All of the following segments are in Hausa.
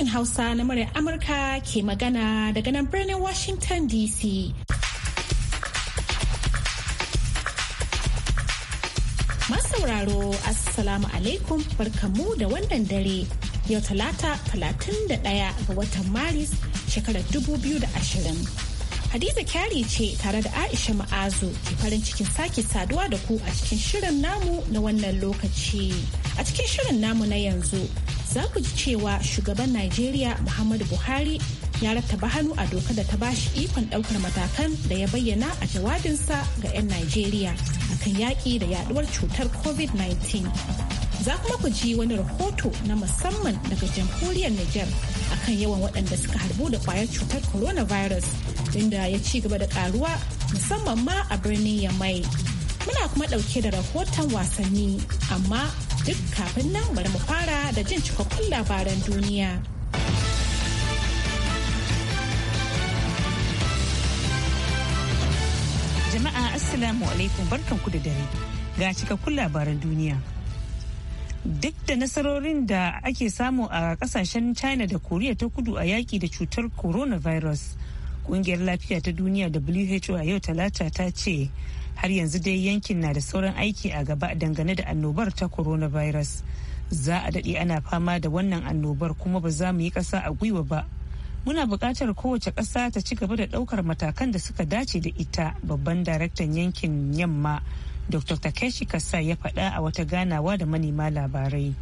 sashen Hausa na murar Amurka ke magana daga nan birnin Washington DC. Masauraro Assalamu alaikum barkamu da wannan dare yau talata talatin da ɗaya ga watan Maris shekarar ashirin. Hadiza kyari ce tare da Aisha Ma'azu ke farin cikin sake saduwa da ku a cikin shirin namu na wannan lokaci. A cikin shirin namu na yanzu za ku ji cewa shugaban Najeriya Muhammadu Buhari ya rattaba hannu a doka da ta ba shi ikon ɗaukar matakan da ya bayyana a jawabinsa ga 'yan Najeriya akan yaƙi da yaduwar cutar COVID-19. Za kuma ku ji wani rahoto na musamman daga jamhuriyar Nijar akan yawan waɗanda suka harbu da ƙwayar cutar coronavirus inda ya ci gaba da ƙaruwa musamman ma a birnin Yamai. Muna kuma ɗauke da rahoton wasanni amma duk kafin nan bari mu fara da jin cikakkun labaran duniya. Jama'a Assalamu alaikum barkanku da dare ga cikakkun labaran duniya. Duk da nasarorin da ake samu a kasashen China da Koriya ta kudu a yaƙi da cutar coronavirus, ƙungiyar lafiya ta duniya WHO a yau talata ta ce har yanzu dai yankin na da sauran aiki a gaba dangane da annobar ta coronavirus za a daɗe ana fama da wannan annobar kuma ba za mu yi ƙasa a gwiwa ba muna buƙatar kowace ƙasa ta ci gaba da ɗaukar matakan da suka dace da ita babban daraktan yankin yamma dr takeshi kasa ya faɗa a wata ganawa da manema labarai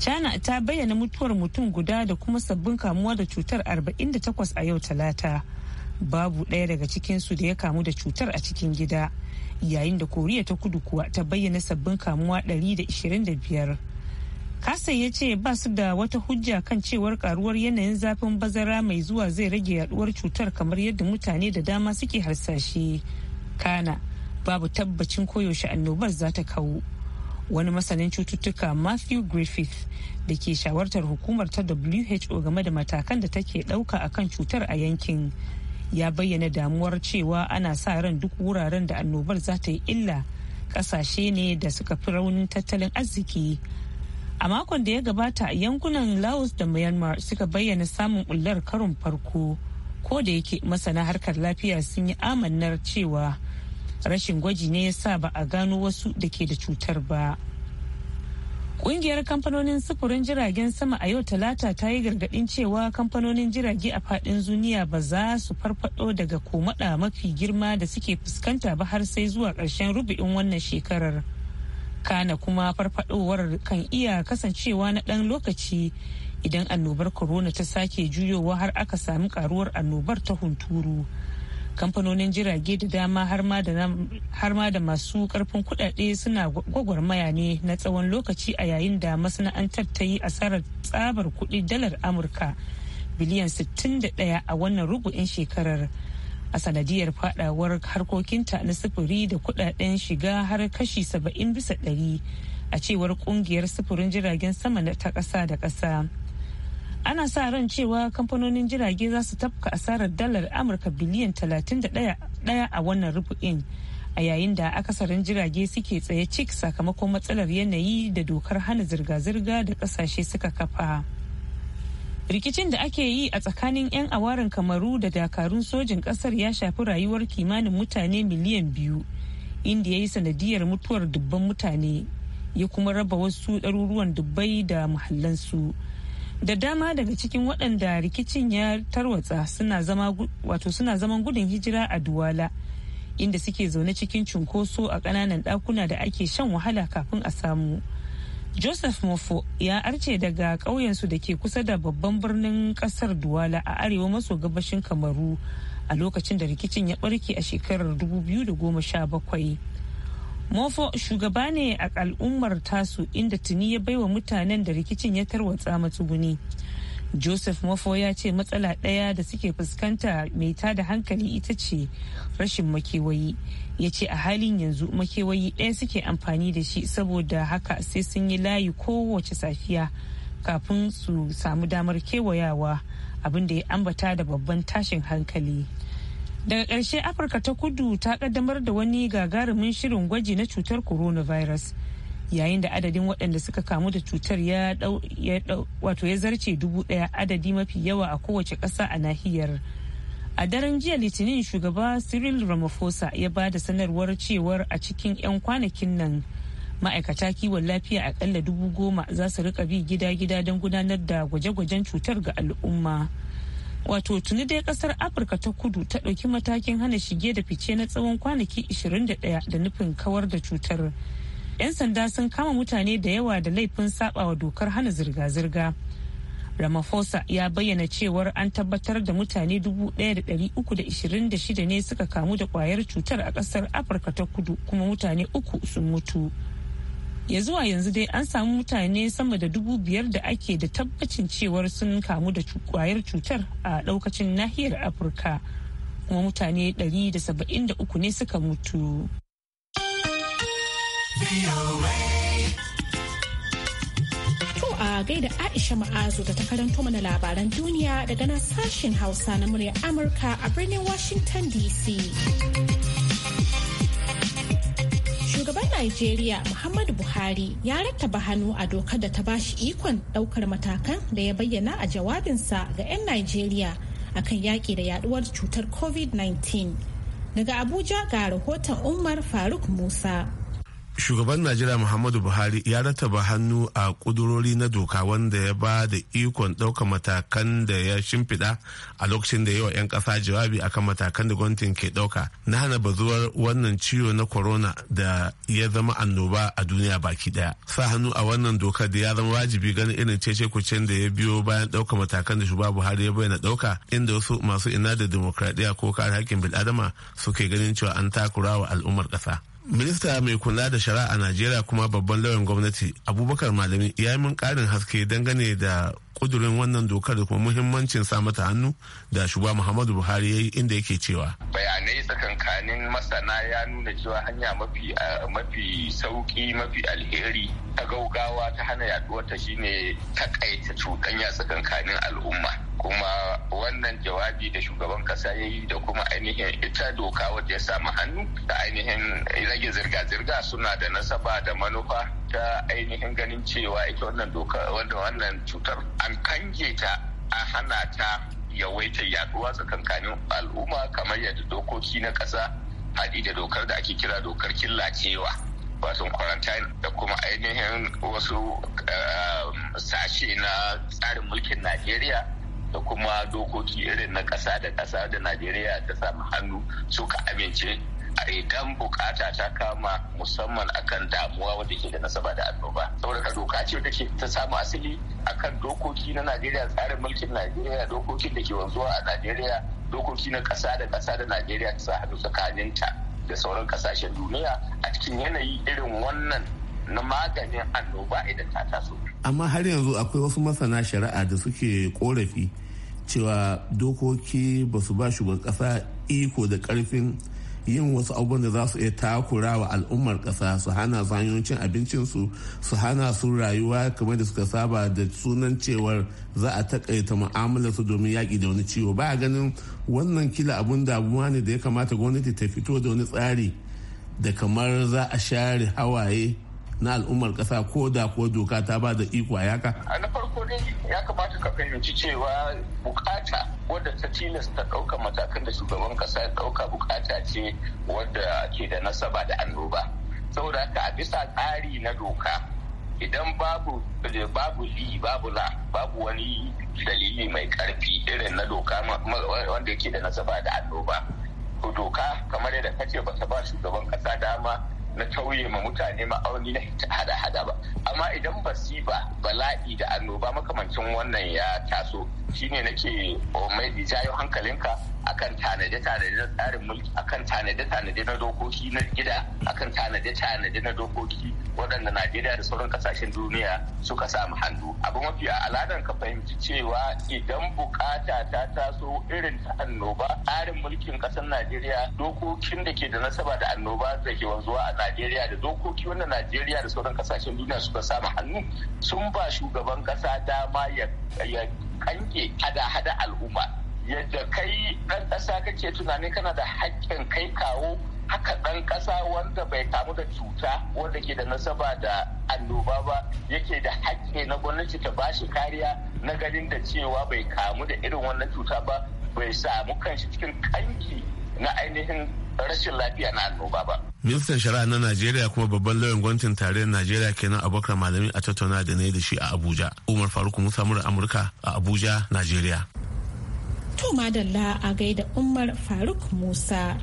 china ta bayyana mutuwar mutum guda da kuma sabbin kamuwa da cutar 48 a yau talata babu ɗaya daga cikinsu da ya kamu da cutar a cikin gida yayin da koriya ta kudu kuwa ta bayyana sabbin kamuwa 125 kasai ya ce ba su da wata hujja kan cewar karuwar yanayin zafin bazara mai zuwa zai rage yaduwar cutar kamar yadda mutane da dama suke harsashe kana babu tabbacin koyaushe annobar za ta kawo wani masanin cututtuka matthew griffith da ke shawartar hukumar ta who game da matakan da take dauka akan cutar a yankin ya bayyana damuwar cewa ana sa ran duk wuraren da annobar za ta yi illa kasashe ne da suka fi raunin tattalin arziki a makon da ya gabata yankunan laos da myanmar suka bayyana samun ullar karin farko ko da yake masana harkar lafiya sun yi amannar cewa rashin gwaji ne ya sa ba a gano wasu da ke da cutar ba. ƙungiyar kamfanonin sufurin jiragen sama a yau talata ta yi gargadin cewa kamfanonin jirage a fadin zuniya ba za su farfado daga komada mafi girma da suke fuskanta ba har sai zuwa ƙarshen rubu'in wannan shekarar. Kana kuma farfadowar kan iya kasancewa na ɗan lokaci idan annobar corona ta sake juyowa har aka sami karuwar annobar ta hunturu. kamfanonin jirage da dama har ma da masu karfin kudade suna gwagwarmaya ne na tsawon lokaci a yayin da masana'antar ta yi asarar tsabar kudi dalar amurka biliyan 61 a wannan rubu'in shekarar a sanadiyar fadawar harkokinta na sufuri da kudaden shiga har kashi 70 bisa 100 a cewar kungiyar sufurin jiragen sama ta kasa da ƙasa. ana sa ran cewa kamfanonin jirage za su tafka asarar dalar amurka biliyan 31 a wannan rubu'in a yayin da akasarin jirage suke tsaye cik sakamakon matsalar yanayi da dokar hana zirga-zirga da kasashe suka kafa rikicin da ake yi a tsakanin 'yan awarin kamaru da dakarun sojin kasar ya shafi rayuwar kimanin mutane miliyan biyu inda ya yi sanadiyar mutuwar dubban mutane ya kuma raba wasu ɗaruruwan dubbai da muhallansu. da dama daga cikin waɗanda rikicin ya tarwatsa suna zaman gudun hijira a duwala inda suke zaune cikin cunkoso a ƙananan ɗakuna da ake shan wahala kafin a samu joseph mofo ya arce daga ƙauyensu da ke kusa da babban birnin ƙasar duwala a arewa maso gabashin kamaru a lokacin da rikicin ya ɓarke a shekarar 2017 mofo shugaba ne a al'ummar tasu inda tuni ya baiwa mutanen da rikicin ya tarwatsa matsuguni joseph mofo ya ce matsala ɗaya da suke fuskanta mai tada hankali ita ce rashin makewayi ya ce a halin yanzu makewayi ɗaya suke amfani da shi saboda haka sai sun yi layi kowace safiya kafin su samu damar kewayawa abinda ya ambata da babban tashin hankali daga ƙarshe afirka ta kudu ta ƙaddamar da wani gagarumin shirin gwaji na cutar coronavirus yayin da adadin waɗanda suka kamu da cutar ya wato ya zarce dubu ɗaya adadi mafi yawa a kowace ƙasa a nahiyar a daren jiya litinin shugaba cyril ramaphosa ya ba da sanarwar cewar a cikin 'yan kwanakin nan ma'aikata kiwon lafiya akalla dubu goma za su rika bi gida-gida don gudanar da gwaje-gwajen cutar ga al'umma. wato tuni dai kasar afirka ta kudu ta ɗauki matakin hana shige da fice na tsawon kwanaki 21 da nufin kawar da cutar 'yan sanda sun kama mutane da yawa da laifin sabawa dokar hana zirga-zirga ramaphosa ya bayyana cewar an tabbatar da mutane 1,326 ne suka kamu da kwayar cutar a kasar afirka ta kudu kuma mutane uku sun mutu ya zuwa yanzu dai an samu mutane sama da dubu biyar da ake da tabbacin cewar sun kamu da kwayar cutar a daukacin nahiyar afirka kuma mutane ɗari da da saba'in uku ne suka mutu to a gaida aisha ma'azu da ta karanto mana labaran duniya daga na sashen hausa na murya amurka a birnin washington dc shugaban Najeriya Muhammadu Buhari ya rattaba hannu a dokar da ta ba shi ikon daukar matakan da ya bayyana a jawabinsa ga 'yan Najeriya a kan yaƙi da yaduwar cutar COVID-19. Daga Abuja ga rahoton Umar Faruk Musa. shugaban najeriya muhammadu buhari ya rattaba hannu a kudurori na doka wanda ya ba da ikon dauka matakan da ya shimfiɗa a lokacin da yawa 'yan ƙasa jawabi akan matakan da gwamnatin ke dauka na hana bazuwar wannan ciwo na corona da ya zama annoba a duniya baki daya sa hannu a wannan dokar da ya zama wajibi ganin irin cece kucin da ya biyo bayan dauka matakan da shugaba buhari ya bayyana dauka inda wasu masu ina da dimokuraɗiyya ko kare haƙƙin bil'adama suke ganin cewa an takura wa al'ummar ƙasa minista mai kula da shari'a a najeriya kuma babban lauyan gwamnati abubakar malami ya yi min karin haske dangane da ƙudurin wannan dokar da kuma muhimmancin sa mata hannu da shugaba muhammadu buhari ya yi inda yake cewa bayanai tsakankanin masana ya nuna cewa hanya mafi mafi sauki mafi alheri ta gaugawa ta hana yaduwar ta shine takaita cuɗanya tsakankanin al'umma kuma wannan jawabi da shugaban kasa ya yi da kuma ainihin ita doka wadda ya samu hannu da ainihin rage zirga-zirga suna da nasaba da manufa ta ainihin ganin cewa ita wannan doka wanda wannan cutar an kange ta a hana ta yawaita yaduwa tsakankanin al'umma kamar yadda dokoki na ƙasa haɗi da dokar da ake kira dokar killacewa wato quarantine da kuma ainihin wasu um, sashe na tsarin mulkin najeriya da kuma dokoki irin na ƙasa da ƙasa da najeriya ta samu hannu suka amince idan bukata ta kama musamman akan damuwa wanda ke da nasaba da annoba saboda ka doka ce take ta samu asali akan dokoki na Najeriya tsarin mulkin Najeriya dokokin da ke wanzuwa a Najeriya dokoki na kasa da kasa da Najeriya ta sa hannu tsakaninta da sauran kasashen duniya a cikin yanayi irin wannan na maganin annoba idan ta taso. Amma har yanzu akwai wasu masana shari'a da suke korafi cewa dokoki ba su ba shugaban kasa iko da karfin yin wasu abubuwan da za su iya takura wa al'ummar ƙasa su hana su hanyoyin cin abincinsu su hana su rayuwa kamar da suka saba da sunan cewar za a takaita mu'amalar su domin yaƙi da wani ciwo ba ganin wannan kila abun damuwa ne da ya kamata gwamnati ta fito da wani tsari da kamar za a share hawaye na al'ummar kasa ko da ko doka ta ba da iko a yaka? dai ya kamata ka fahimci cewa bukata wadda ta tilasta ɗauka matakan da shugaban ƙasa ya ɗauka bukata ce wadda ke da nasaba da annoba saboda haka a bisa tsari na doka idan babu babu li babu la babu wani dalili mai ƙarfi irin na doka wanda yake da nasaba da annoba to doka kamar yadda kace ba ta ba shugaban ƙasa dama na tauye ma mutane ma'auni na hada-hada ba amma idan ba bala'i da annoba makamancin wannan ya taso shine nake oh, mai jayo hankalinka akan tanade-tanade na tsarin mulki akan tanade-tanade na dokoki na gida akan tanade-tanade na dokoki waɗanda najeriya da sauran kasashen duniya suka samu hannu abu mafi aladan ka fahimci cewa idan bukata ta taso irin ta annoba tsarin mulkin ƙasar najeriya dokokin da ke da nasaba da annoba da ke wanzuwa a najeriya da dokoki wanda najeriya da sauran kasashen duniya suka samu hannu sun ba shugaban ƙasa dama ya kanke hada-hada al'umma yadda kai ɗan ƙasa kake tunanin kana da haƙƙin kai kawo haka ɗan ƙasa wanda bai kamu da cuta wanda ke da nasaba da annoba ba yake da haƙƙi na gwamnati ta bashi kariya na ganin da cewa bai kamu da irin wannan cuta ba bai samu kanshi cikin kanki na ainihin rashin lafiya na annoba ba. Ministan Shari'a na Najeriya kuma babban lauyan gwamnatin tarayyar Najeriya kenan abokan malami a tattauna da ne da shi a Abuja. Umar Faruk Musa mura Amurka a Abuja, Najeriya. To madalla a gaida Umar Faruk Musa.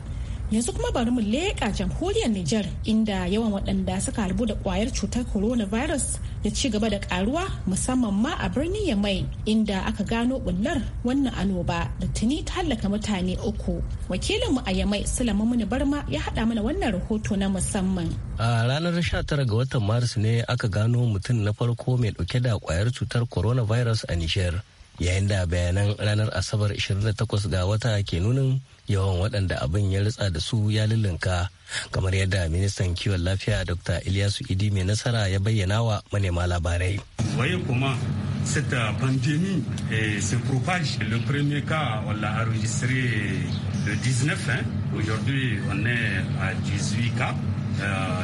Yanzu kuma bari mu leƙa jamhuriyar Nijar inda yawan waɗanda suka harbu da ƙwayar cutar coronavirus da ci gaba da ƙaruwa musamman ma a birnin Yamai inda aka gano bullar wannan annoba da tuni ta hallaka mutane uku. Wakilinmu a Yamai Sulaiman Muni Barma ya haɗa mana wannan rahoto na musamman. A ranar 19 ga watan Maris ne aka gano mutum na farko mai ɗauke da ƙwayar cutar coronavirus a Nijar. yayin da bayanan ranar asabar 28 ga wata ke nunin yawan waɗanda abin ya ritsa da su ya lullunka kamar yadda ministan kiwon lafiya dr ilyasu idi mai nasara ya bayyana wa manema labarai waye kuma Cette pandémie eh, se propage. Le premier cas, on l'a enregistré le 19. Hein. Aujourd'hui, on est à 18 cas, Uh,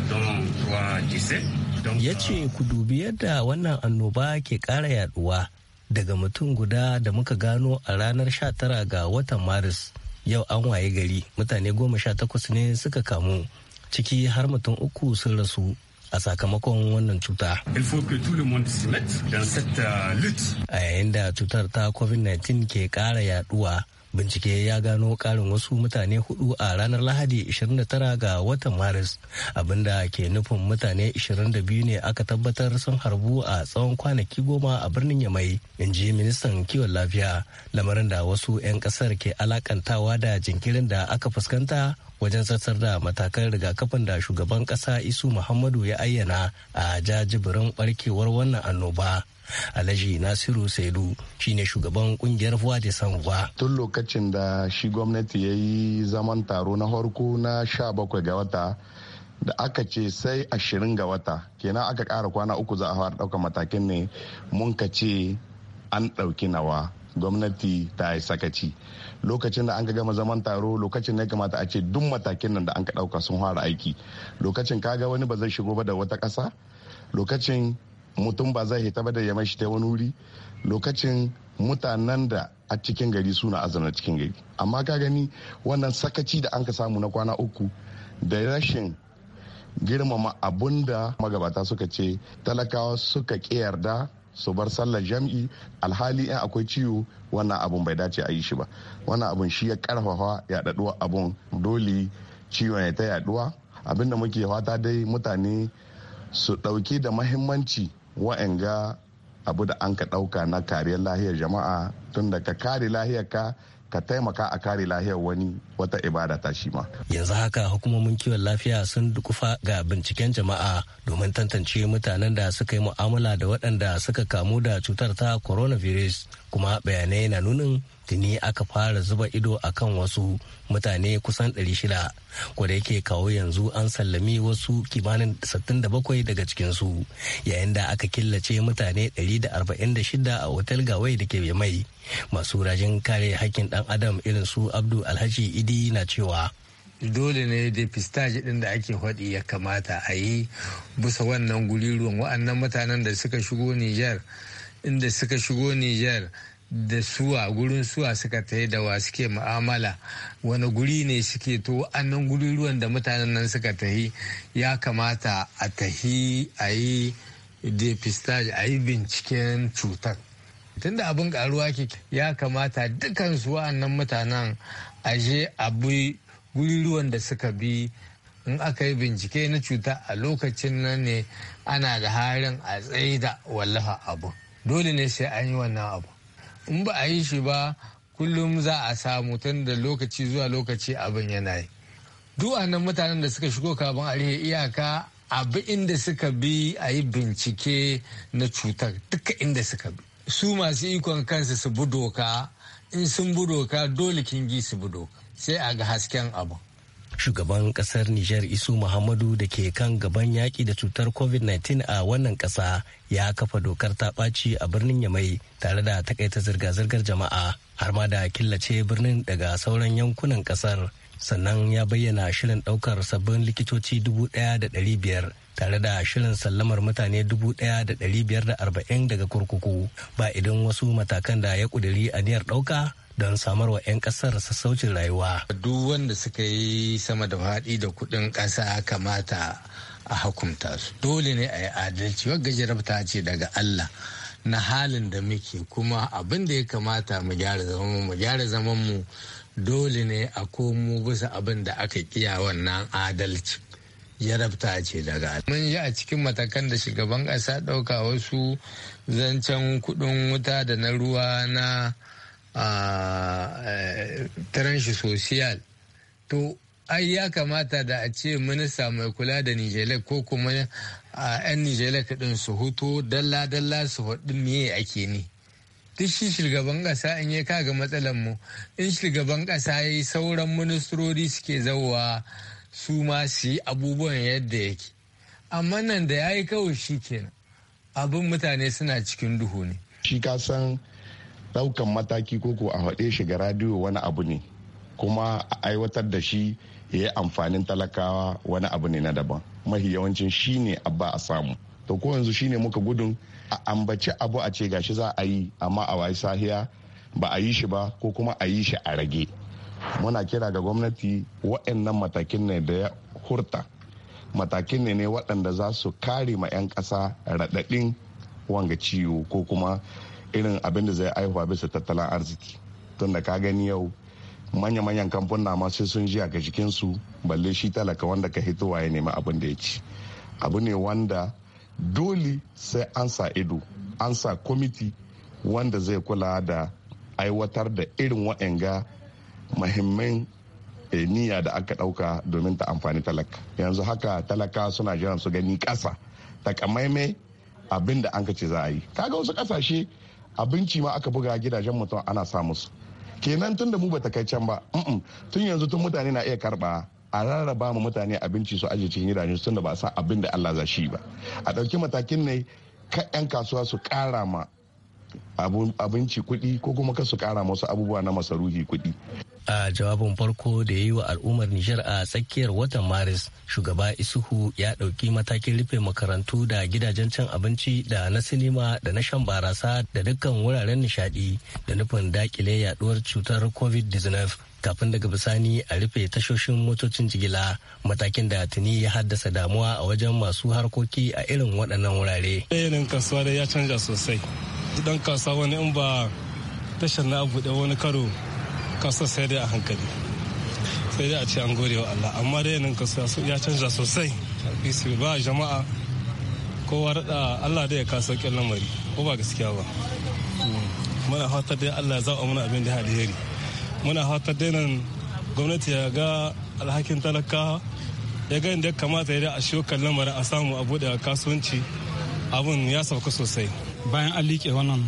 dont ya ce ku dubi yadda wannan annoba ke ƙara yaduwa daga mutum guda da muka gano a ranar 19 ga watan maris yau an waye gari mutane goma sha takwas ne suka kamu ciki har mutum uku sun rasu a sakamakon wannan cuta. Euh, a yayin da cutar ta COVID-19 ke ƙara yaduwa bincike ya gano karin wasu mutane hudu a ranar lahadi 29 ga watan maris abinda ke nufin mutane 22 ne aka tabbatar sun harbu a tsawon kwanaki goma a birnin yamai in ji ministan kiwon lafiya lamarin da wasu 'yan kasar ke alakantawa da jinkirin da aka fuskanta wajen sassar da matakan rigakafin da shugaban kasa isu muhammadu ya ayyana a jajibirin barkewar wannan annoba alhaji nasiru saidu shine shugaban kungiyar voa de sanwa tun lokacin da shi gwamnati ya yi zaman taro na farko na sha bakwai ga wata da aka ce sai ashirin ga wata kenan aka kara kwana uku za a fara ɗaukar matakin ne mun ka ce an ɗauki nawa gwamnati ta yi sakaci lokacin da an ka gama zaman taro lokacin ne kamata a ce duk matakin nan da an ka ɗauka sun fara aiki lokacin kaga wani ba zai shigo ba da wata ƙasa lokacin mutum ba zai hita ba da yamma shi ta wani wuri lokacin mutanen da a cikin gari suna azana cikin gari amma ka gani wannan sakaci da an ka samu na kwana uku da rashin girmama abun da magabata suka ce talakawa suka ƙi yarda su bar sallar jam'i alhali in akwai ciwo wannan abun bai dace a yi shi ba wannan abun shi ya karfafa yaɗaɗuwa abun dole ciwon ya ta yaɗuwa abinda muke fata dai mutane su ɗauki da mahimmanci ga abu da an ka ɗauka na kariyar lahiyar jama'a tun da ka kare lahiyar ka ka taimaka a kare lahiyar wani wata ibada ta shi ma. Yanzu haka hukumomin kiwon lafiya sun dukufa ga binciken jama'a domin tantance mutanen da suka yi mu'amala da waɗanda suka kamu da cutar ta coronavirus kuma bayanai na nunin tuni aka fara zuba ido a kan wasu mutane kusan 600 ko da yake kawo yanzu an sallami wasu kimanin 67 daga cikinsu yayin da aka killace mutane 146 a otal gawai da ke mai masu rajin kare hakkin dan adam irin su abdu alhaji idi na cewa dole ne da pistaji din da ake faɗi ya kamata a yi bisa wannan guri ruwan wa'annan mutanen da suka shigo niger inda suka shigo nijar da suwa gurin suwa suka ta da wa suke mu'amala wani guri ne suke to wa'annan guri ruwan da mutanen nan suka tahi ya kamata a tahi a yi depistage a yi binciken cutar tunda abin karuwa ke ya kamata dukkan wa'annan mutanen a je a bi da suka bi in aka yi bincike na cuta a lokacin nan ne ana da harin a da wallafa abu dole ne sai an yi wannan abu in ba a yi shi ba kullum za a samu tun da lokaci zuwa lokaci abin yana yi duwannan mutanen da suka shigo kafin a iyaka abu inda suka bi a yi bincike na cutar duka inda suka bi su masu ikon kansu su bi doka in sun bi doka dole kingi su bi doka sai a ga hasken abu shugaban kasar Nijar Isu Muhammadu da ke kan gaban yaƙi da cutar COVID-19 a wannan ƙasa ya kafa dokar ta ɓaci a birnin Yamai tare da takaita zirga-zirgar jama'a har ma da killace birnin daga sauran yankunan ƙasar. Sannan ya bayyana shirin ɗaukar sabbin likitoci 1500. tare da shirin sallamar mutane 1,540 daga kurkuku ba idan wasu matakan da ya ƙudiri aniyar ɗauka don samar wa 'yan kasar sassaucin rayuwa. Duk wanda suka yi sama da faɗi da kuɗin ƙasa kamata a hukunta su. Dole ne a yi adalci, wagga ta ce daga Allah na halin da muke kuma abin da ya kamata mu gyara zaman mu gyara zaman mu dole ne a komo bisa abin da aka kiya wannan adalci. jarabta ce daga mun yi a cikin matakan da shugaban ƙasa ɗauka wasu zancen kuɗin wuta da na ruwa na taranshi social to ai ya kamata da a ce minista mai kula da nijelek ko kuma a 'yan nijelek ɗin su hutu dalla-dalla su haɗu miye ake ni duk shi shugaban ƙasa in ya kaga matsalar mu in shugaban ƙasa ya yi sauran ministrori suke zauwa su ma su yi abubuwan yadda yake amma nan da ya yi kawai shi kenan abin mutane suna cikin duhu ne shi ka san daukan mataki koko a haɗe shiga ga radiyo wani abu ne kuma a aiwatar da shi ya yi amfanin talakawa wani abu ne na daban mahi yawancin shi ne abba a samu to ko yanzu shi ne muka gudun a ambaci abu a ce gashi za a yi amma a wayi sahiya ba a yi shi ba ko kuma a yi shi a rage muna kira ga gwamnati waɗannan matakin ne da ya hurta matakin ne ne waɗanda za su kare ma 'yan ƙasa raɗaɗin wanga ciwo ko kuma irin abin da zai aihuwa bisa tattalin arziki tun da ka gani yau manya-manyan kamfuna ma sai sun ji ga jikinsu balle shi talaka wanda ka hitowa ya nemi abin da ya ci abu ne wanda dole sai an sa ido an sa kwamiti wanda zai kula da aiwatar da irin wa'anga mahimman eh, niyya da aka ɗauka domin ta amfani talaka yanzu haka talaka suna jiran su gani ƙasa takamaimai abin da an ka ce za a yi kaga wasu kasashe abinci ma aka buga gidajen mutum ana sa musu kenan tun da mu bata kai can ba tun yanzu tun mutane na iya karba a rarraba mu mutane abinci su aje cikin gidajen tun da ba san abin da Allah za shi ba a ɗauki matakin ne ka 'yan kasuwa su kara ma abinci kuɗi ko kuma ka su kara wasu abubuwa na masaruhi kuɗi a jawabin farko da ya yi wa al'ummar Nijar a tsakiyar watan Maris, shugaba Isuhu ya ɗauki matakin rufe makarantu da gidajen cin abinci da na sinima da na shan barasa da dukkan wuraren nishaɗi da nufin dakile yaɗuwar cutar COVID-19 kafin daga bisani a rufe tashoshin motocin jigila matakin da tuni ya haddasa damuwa a wajen masu harkoki a irin waɗannan wurare. Yanayin kasuwa da ya canja sosai. Dan kasuwa wani in ba tashar na abu da wani karo kasa sai dai a hankali sai dai a ce an gode wa Allah amma dai yanin kasa ya canza sosai ba jama'a kowa da Allah dai ya kasa sauƙin lamari ko ba gaskiya ba muna fatar dai Allah ya zaɓa muna abin da alheri muna fatar dai nan gwamnati ya ga alhakin talaka ya ga inda kamata ya da a shiyo kan lamarin a samu a buɗe kasuwanci abin ya sauka sosai bayan an liƙe wannan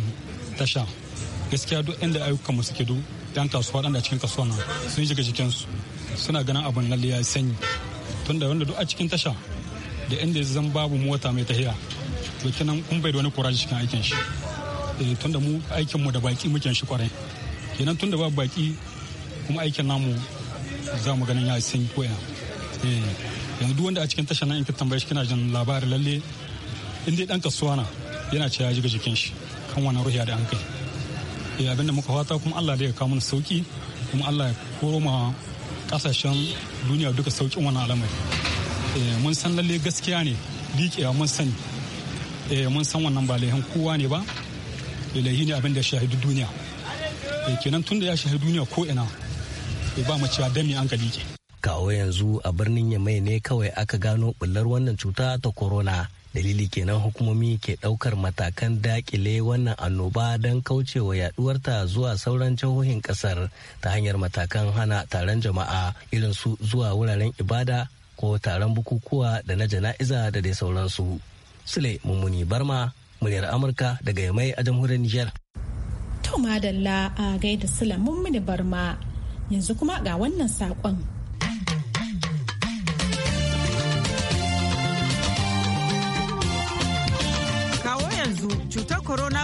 tasha gaskiya duk inda ayyukan mu suke duk yan kasuwa ɗan da cikin kasuwa nan sun shiga su suna ganin abin lalle ya sanyi tunda wanda duk a cikin tasha da inda zan babu mota mai tahiya to kenan kun bai da wani kuraji cikin aikin shi eh, tunda mu aikin mu da baki muke shi kwarai kenan tunda babu baki kuma aikin namu za mu ganin ya sanyi ko ya eh, yanzu duk wanda a cikin tasha nan in ka tambaye shi kina jin labarin lalle in dai dan kasuwa na yana cewa ya jiga jikin shi kan wani ruhiya da an kai Eh, abin da muka fata kuma allah da ya kawo mana sauki kuma allah ya koro ma kasashen duniya duka saukin wannan alamari eh, mun san lalle gaskiya ne dikiya mun sani eh, mun san wannan ba laihin kowa ne ba laihi ne abin da shahidi duniya kenan tun da ya shahidi duniya ko ina ba mu cewa dami an ka dike kawo yanzu a birnin yamai ne kawai aka gano bullar wannan cuta ta corona dalili kenan hukumomi ke daukar matakan dakile wannan annoba don wa yaduwarta zuwa sauran jihohin kasar ta hanyar matakan hana taron jama'a irin su zuwa wuraren ibada ko taron bukukuwa da na jana'iza da dai sauransu sule mummuni barma muryar amurka daga yamai a jamhuriyar niger to madalla a gaida sule mummuni barma yanzu kuma ga wannan saƙon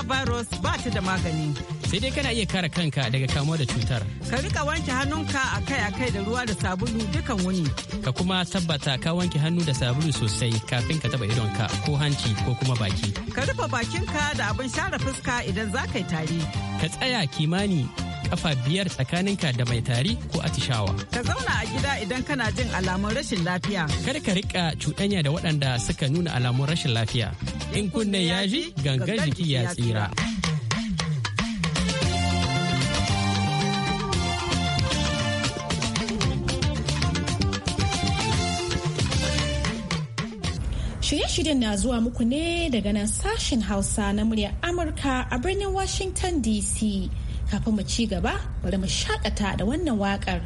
coronavirus ba ta da magani. Sai dai kana iya kare kanka daga kamuwa da cutar. Ka rika wanke hannunka akai-akai da ruwa da sabulu dukan wuni. Ka kuma tabbata ka wanke hannu da sabulu sosai kafin ka taba ka ko hanci ko kuma baki. Ka rufe bakinka da abin share fuska idan za ka yi tari. Ka tsaya kimani kafa biyar tsakaninka da mai tari ko atishawa. Ka zauna a gida idan kana jin alamun rashin lafiya. kar ka rika cuɗanya da waɗanda suka nuna alamun rashin lafiya. In kunne ya ji gangar jiki ya tsira. Shirye-shiryen na zuwa muku ne daga nan sashen Hausa na muryar Amurka a birnin Washington DC. kafin mu ci gaba bari mu shakata da wannan wakar.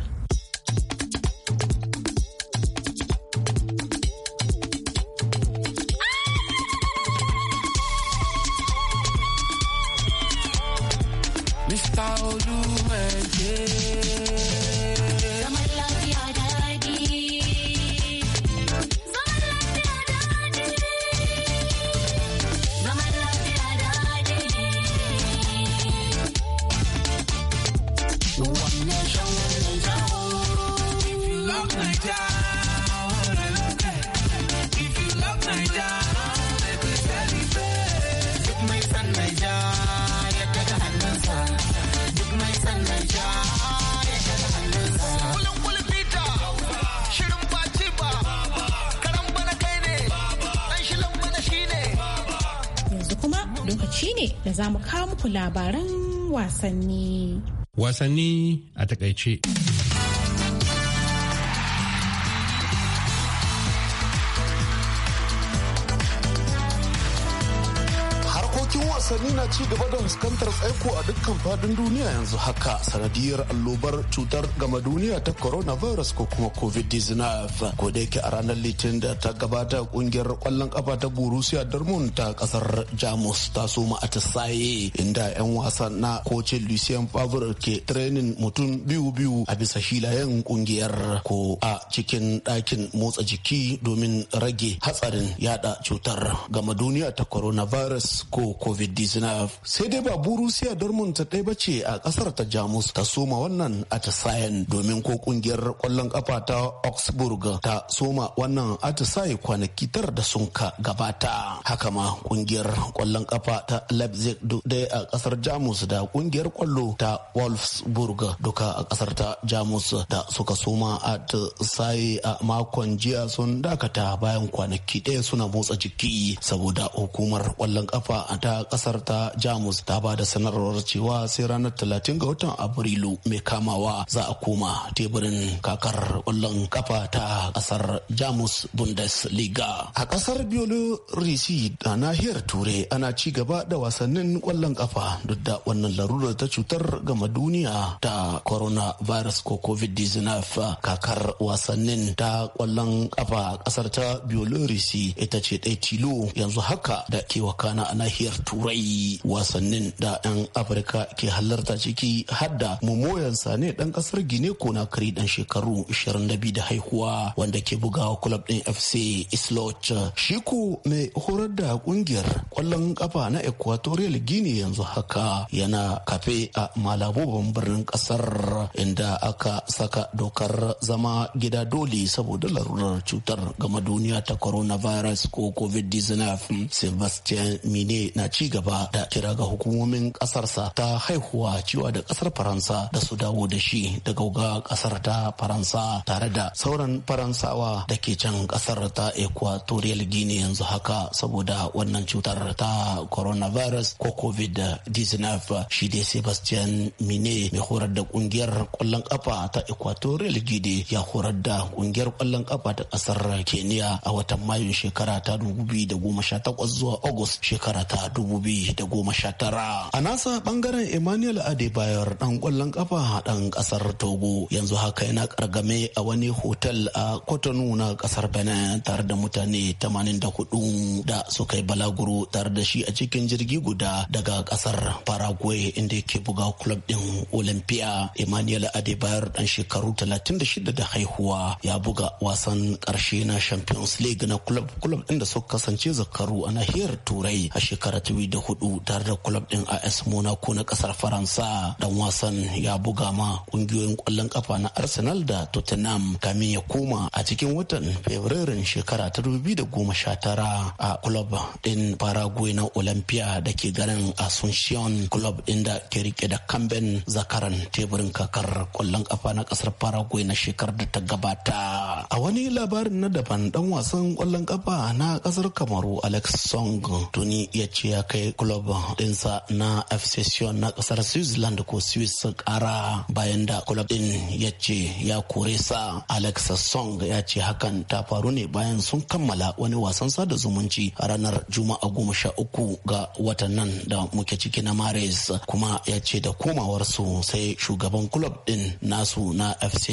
lokaci ne da za mu kawo muku labaran wasanni. Wasanni a takaice. wasanni na ci gaba da fuskantar tsaiko a dukkan fadin duniya yanzu haka sanadiyar allobar cutar gama duniya ta coronavirus ko kuma covid-19 ko da yake a ranar litinin da ta gabata kungiyar kwallon kafa ta borussia dortmund ta kasar jamus ta soma a tasaye inda yan wasa na kocin lucien favre ke trenin mutum biyu biyu a bisa hilayen kungiyar ko a cikin ɗakin motsa jiki domin rage hatsarin yada cutar gama duniya ta coronavirus ko covid-19 2019 sai dai ba burusiya dortmund ta ɗaya ce a ƙasar ta jamus ta soma wannan atisayen domin ko kungiyar ƙwallon ƙafa ta augsburg ta soma wannan atisaye kwanaki tar da sun ka gabata haka ma kungiyar ƙwallon ƙafa ta leipzig dai a ƙasar jamus da kungiyar ƙwallo ta wolfsburg duka a ƙasar ta jamus da suka soma atisaye a makon jiya sun dakata bayan kwanaki ɗaya suna motsa jiki saboda hukumar ƙwallon ƙafa ta ƙasar kasar ta jamus ta ba da sanarwar cewa sai ranar 30 ga watan afrilu mai kamawa za a koma teburin kakar kwallon kafa ta kasar jamus bundesliga a kasar biolorisi da nahiyar turai ana ci gaba da wasannin kwallon kafa duk da wannan larurar ta cutar gama duniya ta coronavirus ko covid-19 kakar wasannin ta kwallon kafa kasar ta biolorisi ita ce ɗaya tilo yanzu haka da ke wakana a nahiyar turai akwai wasannin da 'yan afirka ke halarta ciki hadda mummoyan sane dan kasar gine kari dan shekaru 22 da haihuwa wanda ke bugawa club din fc islot shiku mai horar da kungiyar kwallon kafa na equatorial guinea yanzu haka yana kafe a malabo birnin kasar inda aka saka dokar zama gida dole saboda larurar cutar gama duniya ta coronavirus ko covid-19 sebastian mine na ci gaba gaba da kira ga hukumomin kasarsa ta haihuwa cewa da ƙasar faransa da su dawo da shi daga gauga ƙasar ta faransa tare da sauran faransawa da ke can ƙasar ta equatorial guinea yanzu haka saboda wannan cutar ta coronavirus ko covid-19 shi dai sebastian mine mai horar da kungiyar kwallon kafa ta equatorial guinea ya horar da kungiyar kwallon kafa ta ƙasar kenya a watan mayu shekara ta 2018 zuwa august shekara ta 2019. A nasa bangaren Emmanuel Adebayor dan kwallon kafa dan kasar Togo yanzu haka yana kargame a wani hotel a kotonu na kasar Benin tare da mutane 84 da suka yi balaguro tare da shi a cikin jirgi guda daga kasar Paraguay inda yake buga club din Olympia. Emmanuel Adebayor dan shekaru 36 da haihuwa ya buga wasan karshe na Champions League na club club din da suka kasance zakaru a nahiyar Turai a shekara hudu tare da kulob din AS Monaco na kasar Faransa dan wasan ya buga ma kungiyoyin kwallon kafa na Arsenal da Tottenham kamin ya koma a cikin watan Fabrairun shekara ta tara a kulob din Paraguay na Olympia da ke garin Asuncion kulob din da ke rike da Kamben zakaran teburin kakar kwallon kafa na kasar Paraguay na shekarar da ta gabata. A wani labarin na daban dan wasan kwallon kafa na kasar Kamaru Alex Song tuni ya ce ya kai Kulob club dinsa na FC na kasar Switzerland ko Swiss kara bayan da club din ya ce ya kore sa Alex Song ya ce hakan ta faru ne bayan sun kammala wani wasan sada zumunci ranar Juma'a goma sha uku ga watan nan da muke ciki na Maris kuma ya ce da komawarsu sai shugaban club din nasu na FC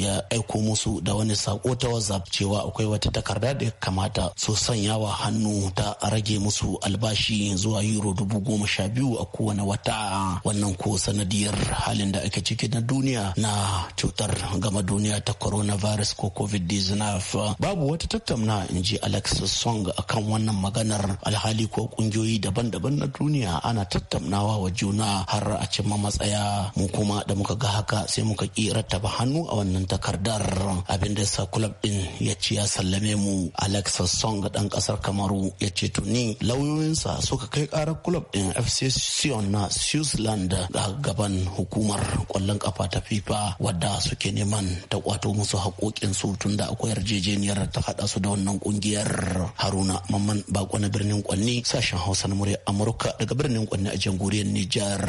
ya aiko musu da wani sako ta WhatsApp cewa akwai wata takarda da kamata su sanya wa hannu ta rage musu albashi zuwa euro dubu goma sha biyu a kowane wata wannan ko sanadiyar halin da ake ciki na duniya na cutar gama duniya ta coronavirus ko covid-19 babu wata tattauna in ji alexis song akan wannan maganar alhali ko kungiyoyi daban-daban na duniya ana tattaunawa wa juna har a cimma matsaya mu kuma da muka ga haka sai muka ki rattaba hannu a wannan takardar abin da sa club din ya ci ya sallame mu alexis song dan kasar kamaru ya ce tuni lauyoyinsa suka kai karar club din FC Sion na Switzerland a gaban hukumar kwallon kafa ta FIFA wadda suke neman ta kwato musu haƙoƙin su tun da akwai yarjejeniyar ta haɗa su da wannan kungiyar Haruna Mamman Bako na birnin Kwanni sashen Hausa na murya Amurka daga birnin Kwanni a jamhuriyar Nijar.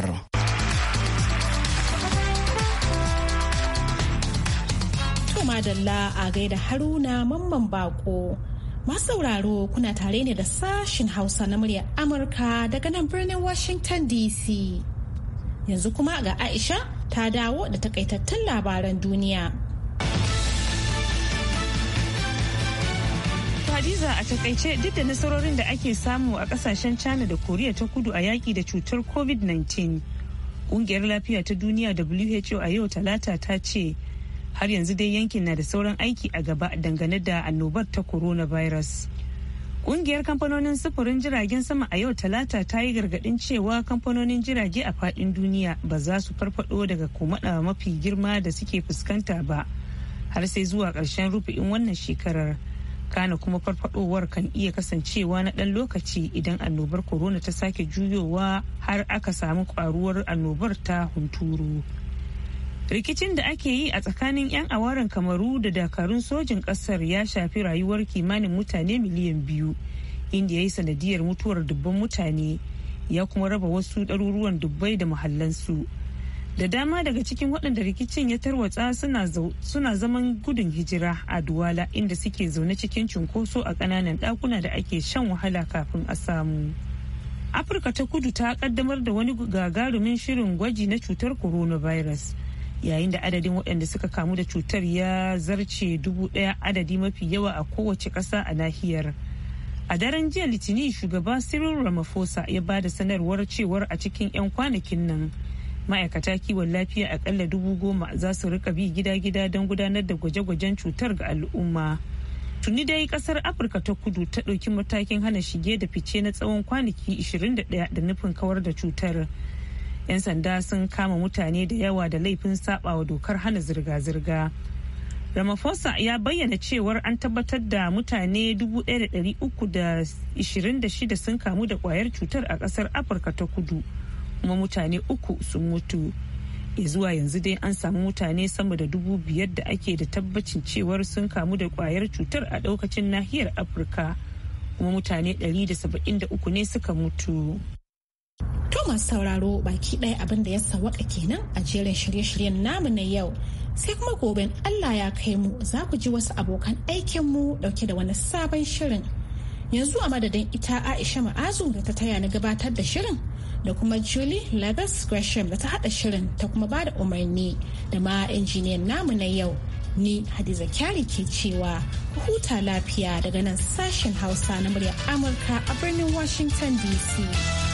madalla a gaida haruna mamman bako Masu sauraro kuna tare ne da sashin Hausa na muryar Amurka daga nan birnin Washington DC. Yanzu kuma ga Aisha ta dawo da takaitattun labaran duniya. Hadiza a takaice duk da nasarorin da ake samu a kasashen China da Koriya ta kudu a yaƙi da cutar COVID-19. Ƙungiyar lafiya ta duniya WHO a yau talata ta ce har yanzu dai yankin na da sauran aiki a gaba dangane da annobar ta coronavirus. Kungiyar kamfanonin sufurin jiragen sama a yau talata ta yi gargaɗin cewa kamfanonin jirage a faɗin duniya ba za su farfado daga komaɗa mafi girma da suke fuskanta ba har sai zuwa ƙarshen in wannan shekarar. Kana kuma farfadowar kan iya kasancewa na ɗan lokaci idan annobar corona ta sake juyowa har aka samu ƙwaruwar annobar ta hunturu. rikicin da ake yi a tsakanin 'yan awaran kamaru da dakarun sojin kasar ya shafi rayuwar kimanin mutane miliyan biyu inda ya yi sanadiyar mutuwar dubban mutane ya kuma raba wasu ɗaruruwan dubbai da muhallansu da dama daga cikin waɗanda rikicin ya tarwatsa suna zaman gudun hijira a duwala inda suke zaune cikin cunkoso a ƙananan ɗakuna da ake shan wahala kafin a samu afirka ta kudu ta kaddamar da wani gagarumin shirin gwaji na cutar coronavirus yayin da adadin waɗanda suka kamu da cutar ya zarce dubu ɗaya adadi mafi yawa a kowace ƙasa a nahiyar a daren jiya litinin shugaba cyril ramaphosa ya ba da sanarwar cewar a cikin 'yan kwanakin nan ma'aikata kiwon lafiya akalla dubu goma za su rika bi gida-gida don gudanar da gwaje-gwajen cutar ga al'umma tuni dai kasar afirka ta kudu ta ɗauki matakin hana shige da fice na tsawon kwanaki 21 da nufin kawar da cutar 'yan sanda sun kama mutane da yawa da laifin sabawa dokar hana zirga-zirga ramaphosa ya bayyana cewar an tabbatar da mutane 1,326 sun kamu da kwayar cutar a kasar afirka ta kudu kuma mutane uku sun mutu zuwa yanzu dai an samu mutane sama da dubu biyar da ake da tabbacin cewar sun kamu da kwayar cutar a daukacin nahiyar afirka kuma mutane 173 ne suka mutu masu sauraro baki ɗaya abin da ya sawaka kenan a jerin shirye-shiryen namu na yau. Sai kuma goben Allah ya kai mu za ku ji wasu abokan aikinmu ɗauke da wani sabon shirin. Yanzu a madadin ita Aisha Ma'azu da ta taya ni gabatar da shirin da kuma Julie Lagos Gresham da ta haɗa shirin ta kuma ba da umarni da ma injiniyan namu na yau. Ni Hadiza Kyari ke cewa huta lafiya daga nan sashen Hausa na murya Amurka a birnin Washington DC.